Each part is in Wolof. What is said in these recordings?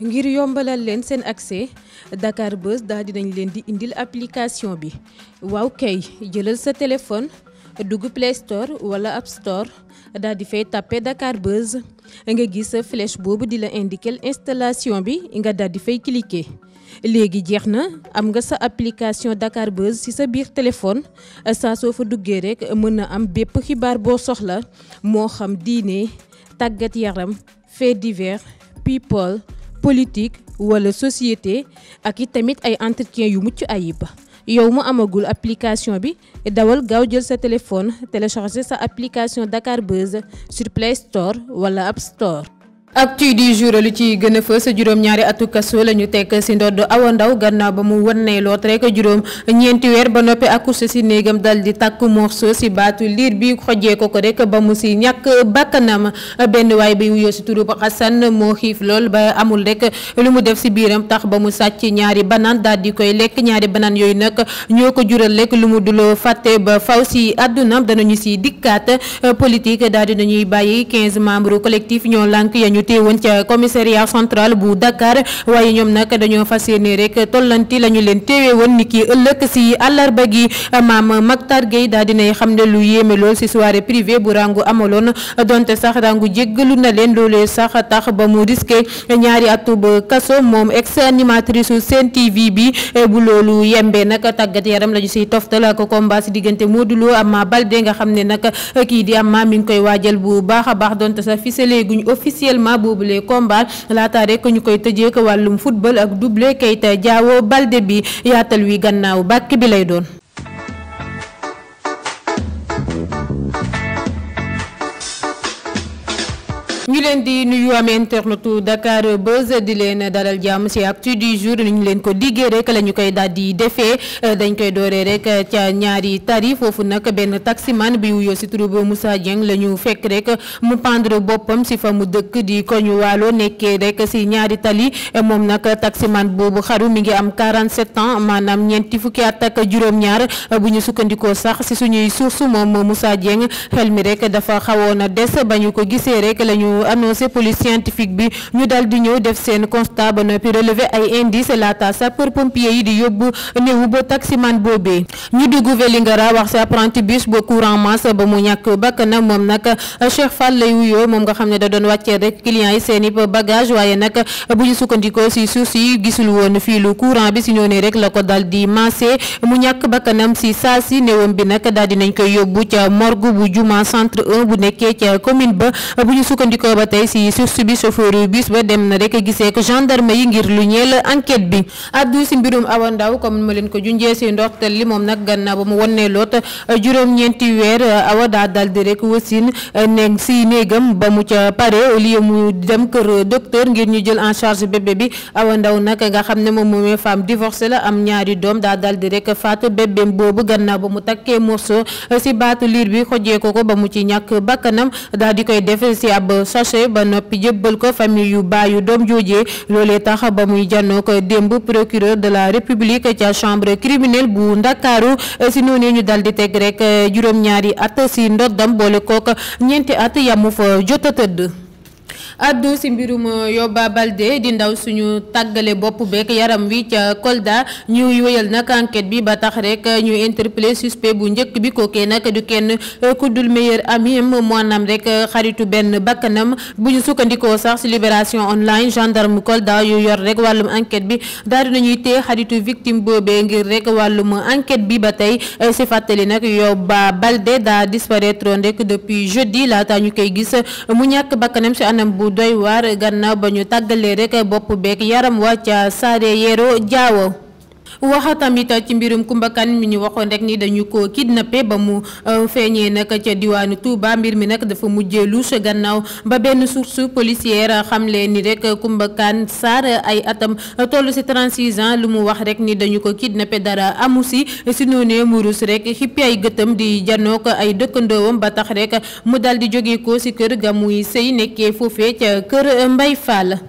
ngir yombalal leen seen accès Dakar Buzz di dinañ leen di indil application bi waaw kay jëlal sa téléphone dugg Play Store wala App Store daal di fay tapé Dakar Buzz nga gis sa flèche boobu di la indiquer installation bi nga dal di fay cliquer. léegi jeex na am nga sa application Dakar Buzz ci sa biir téléphone saa soo fa duggee rekk mën na am bépp xibaar boo soxla moo xam diine tàggat yaram fait divers people politique wala société ak it tamit ay entretien yu mucc ayib yow mu amagul application bi dawal gaaw jël sa téléphone télécharger sa application Dakar Buzz sur Play wala App Store. ak actu di jour lu ci gën a fës juróom-ñaari atu kaso la ñu teg si ndodd Awa ndaw gannaaw ba mu wannee loot rek juróom ñeenti weer ba noppi accouché si néegam dal di takk morceau si baatu liir bi xojjee ko ko rek ba mu si ñàkk bakkanam benn waay bi wuyoo si turu Xasan moo xiif lool ba amul rek lu mu def si biiram tax ba mu sàcc ñaari banaan daal di koy lekk ñaari banaan yooyu nag ñoo ko jural rek lu mu duloo fàtte ba faw si àdduna danañu si dikkaat politique daal di nañuy bàyyi 15 membres collectif ñoo lànk yañu ñu teewoon ca commissariat central bu Dakar waaye ñoom nag dañoo fas yéene rek tollanti la ñu leen teewee woon ni ki ëllëg si àllarba gi maam Mactar Gueye daal dinay xam ne lu yéeme lool si soirée privée bu rangu amaloon donte sax rangu jéggalu na leen loolee sax tax ba mu risqué ñaari atub kaso moom ex animatrice Sen TV bi eh, bu loolu yembee nag tàggat yaram la ñu siy toftal ak combat si diggante Modou Lo Ama Baldé nga xam ne nag eh, kii di Ama a également boobulee combat laata rek ñu koy tëjee ko wàllum football ak doublé Keita Diawo Balde bi yaatal wi gannaaw bàkk bi lay doon ngi leen di nuyu amee internetu Dakar Buzz di leen dalal jàmm ci actu du jour ni ñu leen ko diggee rek la ñu koy daal di defee dañ koy dooree rek ca ñaari tari foofu nag benn taximan bi wuyoo ci turu Moussa Dieng la ñu fekk rek mu pendre boppam ci fa mu dëkk di ko ñu waalo nekkee rek ci ñaari tali moom nag taximan boobu xaru mi ngi am 47 ans maanaam ñeenti fukki at ak juróom-ñaar bu ñu sukkandikoo sax ci suñuy suuf moom Moussa Dieng xel mi rek dafa annoncé police scientifique bi ñu dal di ñëw def seen constat ba noppi relevé ay indice laata sapeur pompier yi di yóbbu néew ba taximan boobee ñu dugg Vélingara wax sa apprenti bus ba courant masse ba mu ñàkk bakkanam moom nag Cheikh Fall lay wuyoo moom nga xam ne da doon wàccee rek clients yi seen i bagage waaye nag bu ñu sukkandikoo si suuf si gisul woon fii lu courant bi si ñoonee rek la ko dal di massé mu ñàkk bakkanam si saa si néewam bi nag daal nañ koy yóbbu ca morgue bu juma centre 1 bu nekkee ca commune ba bu ñu sukkandikoo ba tey si source bi chauffeur bus ba dem na rek gisee ko gendarme yi ngir lu ñeel enquête bi addu si mbirum Awa Ndao comme ma leen ko junjee si ndorteel li moom nag gannaaw ba mu wonnee loot eh, juróom-ñeenti weer eh, awa daa daldi rek wasin eh, ne si néegam ba mu ca pare mu dem kër docteur ngir ñu jël en charge bébé bi Awa Ndao nag nga xam ne moom moomee femme divorcée la am ñaari doom daa daldi rek faat bébéem boobu gannaaw ba mu takkee morceau si baatu liir bi xojee ko ko ba mu ci ñàkk bakkanam daa di koy def si ab sachet recherché ba noppi jébbal ko famille yu baayu doom joojee loolee tax ba muy jànnoo ko démb procureur de la république ca chambre criminelle bu ndakaaru si noonu ñu dal di teg rek juróom-ñaari at si ndoddam boole kook ñeenti at yamu fa jot a tëdd addu si mbirum euh, Yoba Balde di ndaw suñu tàggale bopp beeg yaram wi ca Kolda ñu wéyal nag enquête bi ba tax rek euh, ñu interpellé suspect bu njëkk bi kookee nag du kenn euh, dul kuddul meilleur ami maanaam rek xaritu benn bakkanam bu ñu sukkandikoo sax si libération online gendarme Kolda yu yor rek wàllum enquête bi daal di nañuy téye xaritu victime boobee ngir rek wàllum enquête bi ba tey si fàttali nag Yoba Balde daa disparaître rek depuis jeudi laata ñu koy gis mu ñàkk bakkanam si anam bu bu doy waar gannaaw ba ñu tàggalee rek bopp beeg yaram wa ca Saare Yero Jaawo wax tamit ci mbirum Coumba mi ñu waxoon rek ni dañu ko kidnappé ba mu euh, feeñee nag ca diwaanu Touba mbir mi nag dafa mujjee louche gannaaw ba benn source policière xamle ni rek Coumba Kane ay atam toll si 36 ans lu mu wax rek ni dañu ko kidnappé dara amu si si noonee mu rek xippi ay gëtam di janoo ko ay dëkkandoowam ba tax rek mu dal di jóge ko si kër ga muy sëy nekkee foofee ca kër Mbay Fall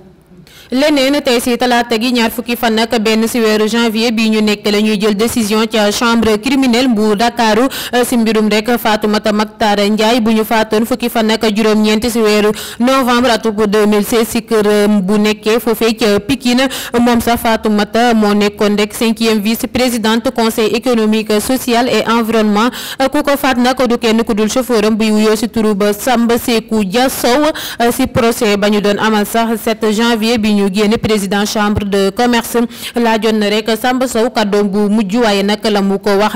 leneen tey si talaata gi ñaar fukki fan ak benn si weeru janvier bi ñu nekk la ñuy jël décision ca chambre criminelle bu Ndakaaru eh, si mbirum rek Fatoumata Mactar Ndiaye bu ñu faatoon fukki fan ak juróom-ñeent si weeru novembre atub 2016 si kër bu nekkee foofee ca Pikine moom sax Fatoumata moo nekkoon rek cinquième vice présidente conseil économique social et environnement eh, ku ko faat nag du kenn ku dul chauffeur am bi wuyoo si turu ba Samba Sekou Dia Sow eh, si procès ba ñu doon amal sax bi ñu génne président chambre de commerce laajoon na rek Samba Sow kàddoom bu ko wax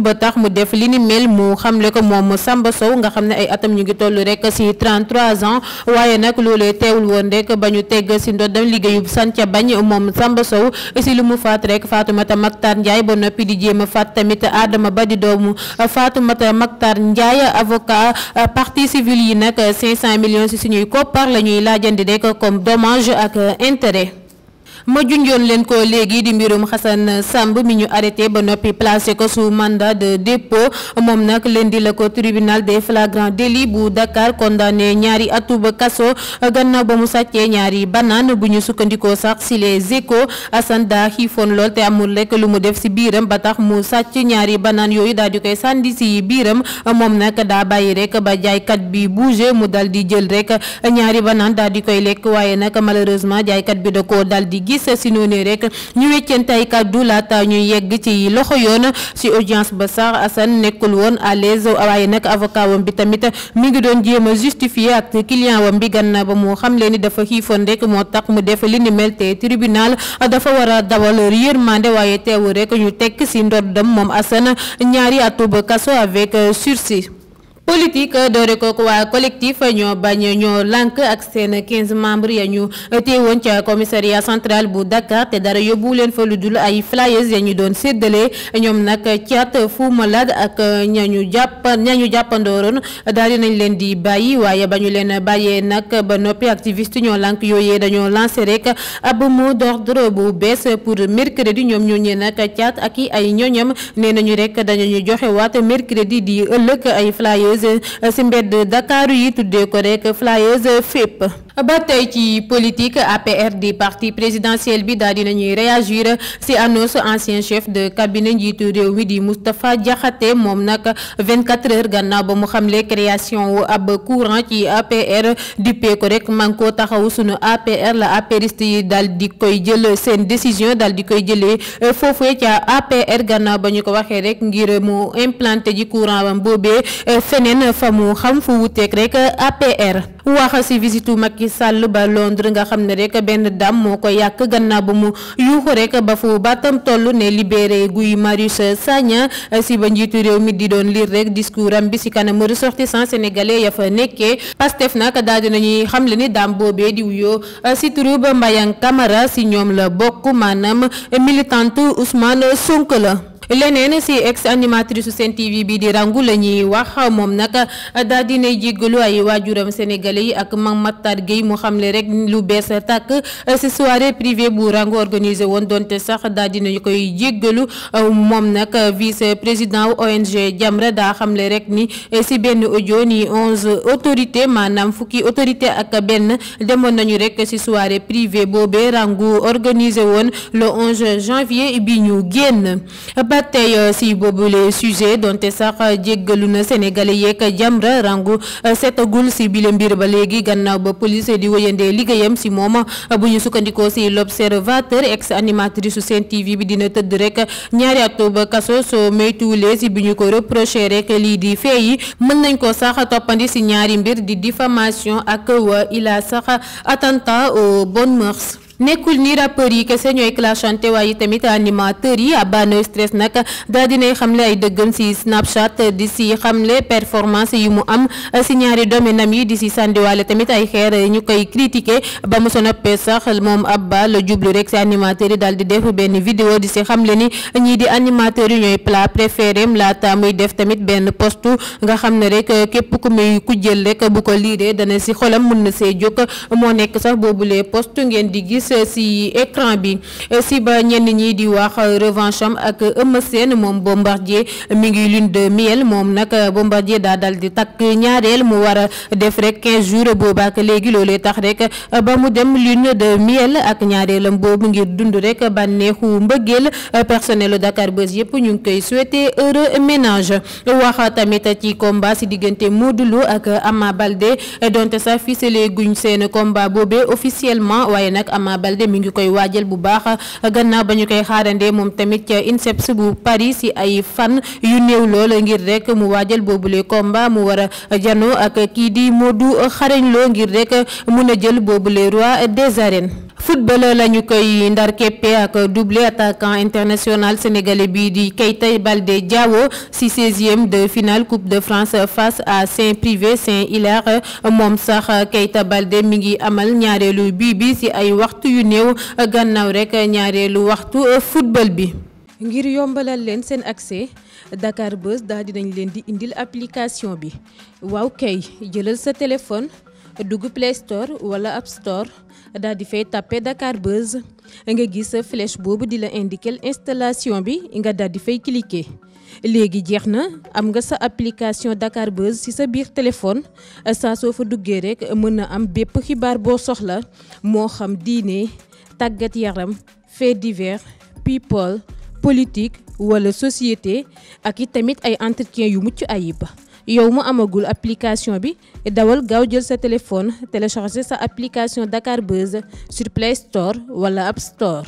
ba tax mu def li ni mel mu xamle ko moom Samba Sow nga xam ne ay atam ñu ngi toll rek si 33 ans waaye nag loolee teewul woon rek ba ñu tegg si ndoddam liggéeyub sanca bañ moom Samba Sow si lu mu faat rek Fatoumata Mactar Ndiaye ba noppi di jéem a faat tamit Adama Ba di doomu Fatoumata Mactar Ndiaye avocat Euh, partie civile yi nag 500 euh, millions ci suñuy koppar la ñuy laajandi rek comme dommage ak euh, intérêt. ma junjoon leen ko léegi di mbirum Xasan Samb mi ñu arrêté ba noppi placé ko sous mandat de dépôt moom nag lundi la ko tribunal des flagrants délits bu Dakar condamné ñaari atuba kaso gannaaw ba mu sàccee ñaari banaan bu ñu sukkandikoo sax si les échos Assane daa xiifoon lool te amul rek lu mu def si biiram ba tax mu sàcc ñaari banaan yooyu daal di koy sànni si biiram moom nak daa bàyyi rekk ba jaaykat bi bougé mu dal di jël rek ñaari banaan daal di koy lekk waaye nag malheureusement jaaykat bi da koo dal di justice si noonu rek ñu weccante ay kàddu laata ñuy yegg ci loxo yoon si audience ba sax Assane nekkul woon à l'aise waaye nag avocat bi tamit mu ngi doon jéem a justifier ak client wam bi gannaaw ba mu xam leen ni dafa xiifoon rek moo tax mu def li ni mel te tribunal dafa war a dawal yërmande waaye teewu rek ñu tekk si ndoddam moom Assane ñaari atub kaso avec sursis politique euh, doore kooku waa collectif euh, ñoo bañ euh, ñoo lànk ak seen 15 membres ya ñu teewoon ca commissariat central bu Dakar te dara yóbbu leen fa lu dul ay flyers ya ñu doon séddale ñoom nag caat fu malade ak ñañu jàpp ñañu jàppandooroon daal dinañ leen di bàyyi waaye bañu ñu leen bàyyee nag ba noppi activiste ñoo lank yooyee dañoo lancé rek ab mot d'ordre bu bees pour mercredi ñoom ñooñee nag caat ak i ay ñoñam nee nañu rek dañu joxe waat mercredi di ëllëg ay flyers flyers euh, ci mbedd Dakar yi tuddee ko rek flyers fépp. E ba tey ci politique APR di parti présidentiel bi daal di nañuy réagir ci annonce ancien chef de cabinet njiitu réew mi di Moustapha Diakhaté moom nag quatre heures gannaaw ba mu xamle création wu ab courant ci APR duppee ko rek man koo taxawu sunu APR la apériste yi daal di koy jël seen décision daal di koy jëlee euh, foofee ca APR gannaaw ba ñu ko waxee rek ngir mu implanté ji courant boobee euh, feneen feneen fa mu xam fu wuteek rek APR wax ci visitu Macky Sall ba Londres nga xam ne rek benn dam moo ko yàq gannaaw ba mu yuuxu rek ba fu batam toll ne libéré Guy Marius Sagna ci ba njiitu réew mi di doon liir rek discours am bi ci kanamu ressortissant sénégalais ya fa nekkee Pastef nag daal di nañuy xamle ni dam boobee di wuyoo ci turu ba Mbayang Camara ci ñoom la bokk maanaam militante Ousmane Sonko la. leneen si ex animatrice Sen TV bi di Rangou la ñuy wax moom nag daal dina jéggalu ay waajuram sénégalais yi ak Mame Mactar Guèye mu xamle rek lu bees tàkk si soirée privée bu Rangou organisé woon donte sax daal dinañu koy jéggalu moom nag vice président wu ONG Jamra daa xamle rek ni si benn audio ni autorité maanaam fukki autorité ak benn demoon nañu rek si soirée privée boobee Rangou organisé woon le 11 janvier bi ñu génn la tey euh, si boobule sujet donte sax jéggalu na sénégalais yeeg Jamra Rangu euh, setagul si bile mbir ba léegi gannaaw ba police di wëyandee liggéeyam si moom bu ñu sukkandikoo si l'observateur ex animatrice su Sen TV bi dina tëdd rek ñaari at ba kaso soo moytuwulee si bi ñu ko reproché rek lii di fee yi mën nañ ko sax toppandi si ñaari mbir di diffamation ak wa ila sax attentat aux bonnes nekkul nii rappeurs yi kese ñooy clashante waaye tamit animateurs yi Abba No Stress nag daa dinay xamle ay dëggam ci Snapchat di ci xamle performance yi mu am ci ñaari domaine am yi di ci sàndiwaale tamit ay xeer ñu koy critiquer ba mu sonoppee sax moom Abba la jublu rek ci animateurs yi daal di def benn vidéo di ci xamle ni ñii di animateurs yi ñooy plat préféré laata muy def tamit benn postu nga xam ne rek képp ku muy ku jël rek bu ko liiree dana ci xolam mën na see jóg moo nekk sax boobulee post ngeen di gis gis ci écran bi si ba ñenn ñi di wax euh, revanche am ak Eumeu Sène moom Bombardier mi ngi lune de miel moom nag euh, Bombardier da dal di takk ñaareel mu war a def rek 15 jours booba ak léegi loole tax rek euh, ba mu dem lune de miel ak ñaareelam boobu ngir dund rek banneexu mbëggeel personnel Dakar Buzz yëpp ñu ngi koy souhaiter heureux ménage wax tamit ci combat ci diggante Modou Lo ak Ama Baldé donte sax ficelé guñ seen combat boobee officiellement waaye nag Ama Balde mi ngi koy waajal bu baax gannaaw ba ñu koy xaarande moom tamit ca INSEPS bu Paris si ay fan yu néew lool ngir rek mu waajal boobu boobule combat mu war a jano ak kii di moo du xarañ loo ngir rek mun a jël boobu boobule roi des arènes. football la ñu koy ndar keppe ak doublé attaquant international sénégalais bii di Keita Baldé Diao ci 16e de finale coupe de France face à Saint-Privé Saint-Hilaire moom sax Keita Baldé mi ngi amal ñaareelu bii bi ci ay waxtu yu néew gannaaw rekk ñaareelu waxtu football bi. ngir yombalal leen seen accès Dakar Buzz daal dinañ leen di indil application bi waaw kay jëlal sa téléphone. dugg Play Store wala App Store daal di fay tàppe Dakar Buzz nga gis flèche boobu di la indiquer installation bi nga dal di fay cliquer léegi jeex na am nga sa application Dakar Buzz ci sa biir téléphone saa soo fa duggee rek mën na am bépp xibaar boo soxla moo xam diine tàggat yaram fait divers people politique wala société ak i tamit ay entretien yu mucc ayib. yow mu amagul application bi dawal gaaw jël sa téléphone télécharger sa application Dakar Buzz sur Play wala App Store.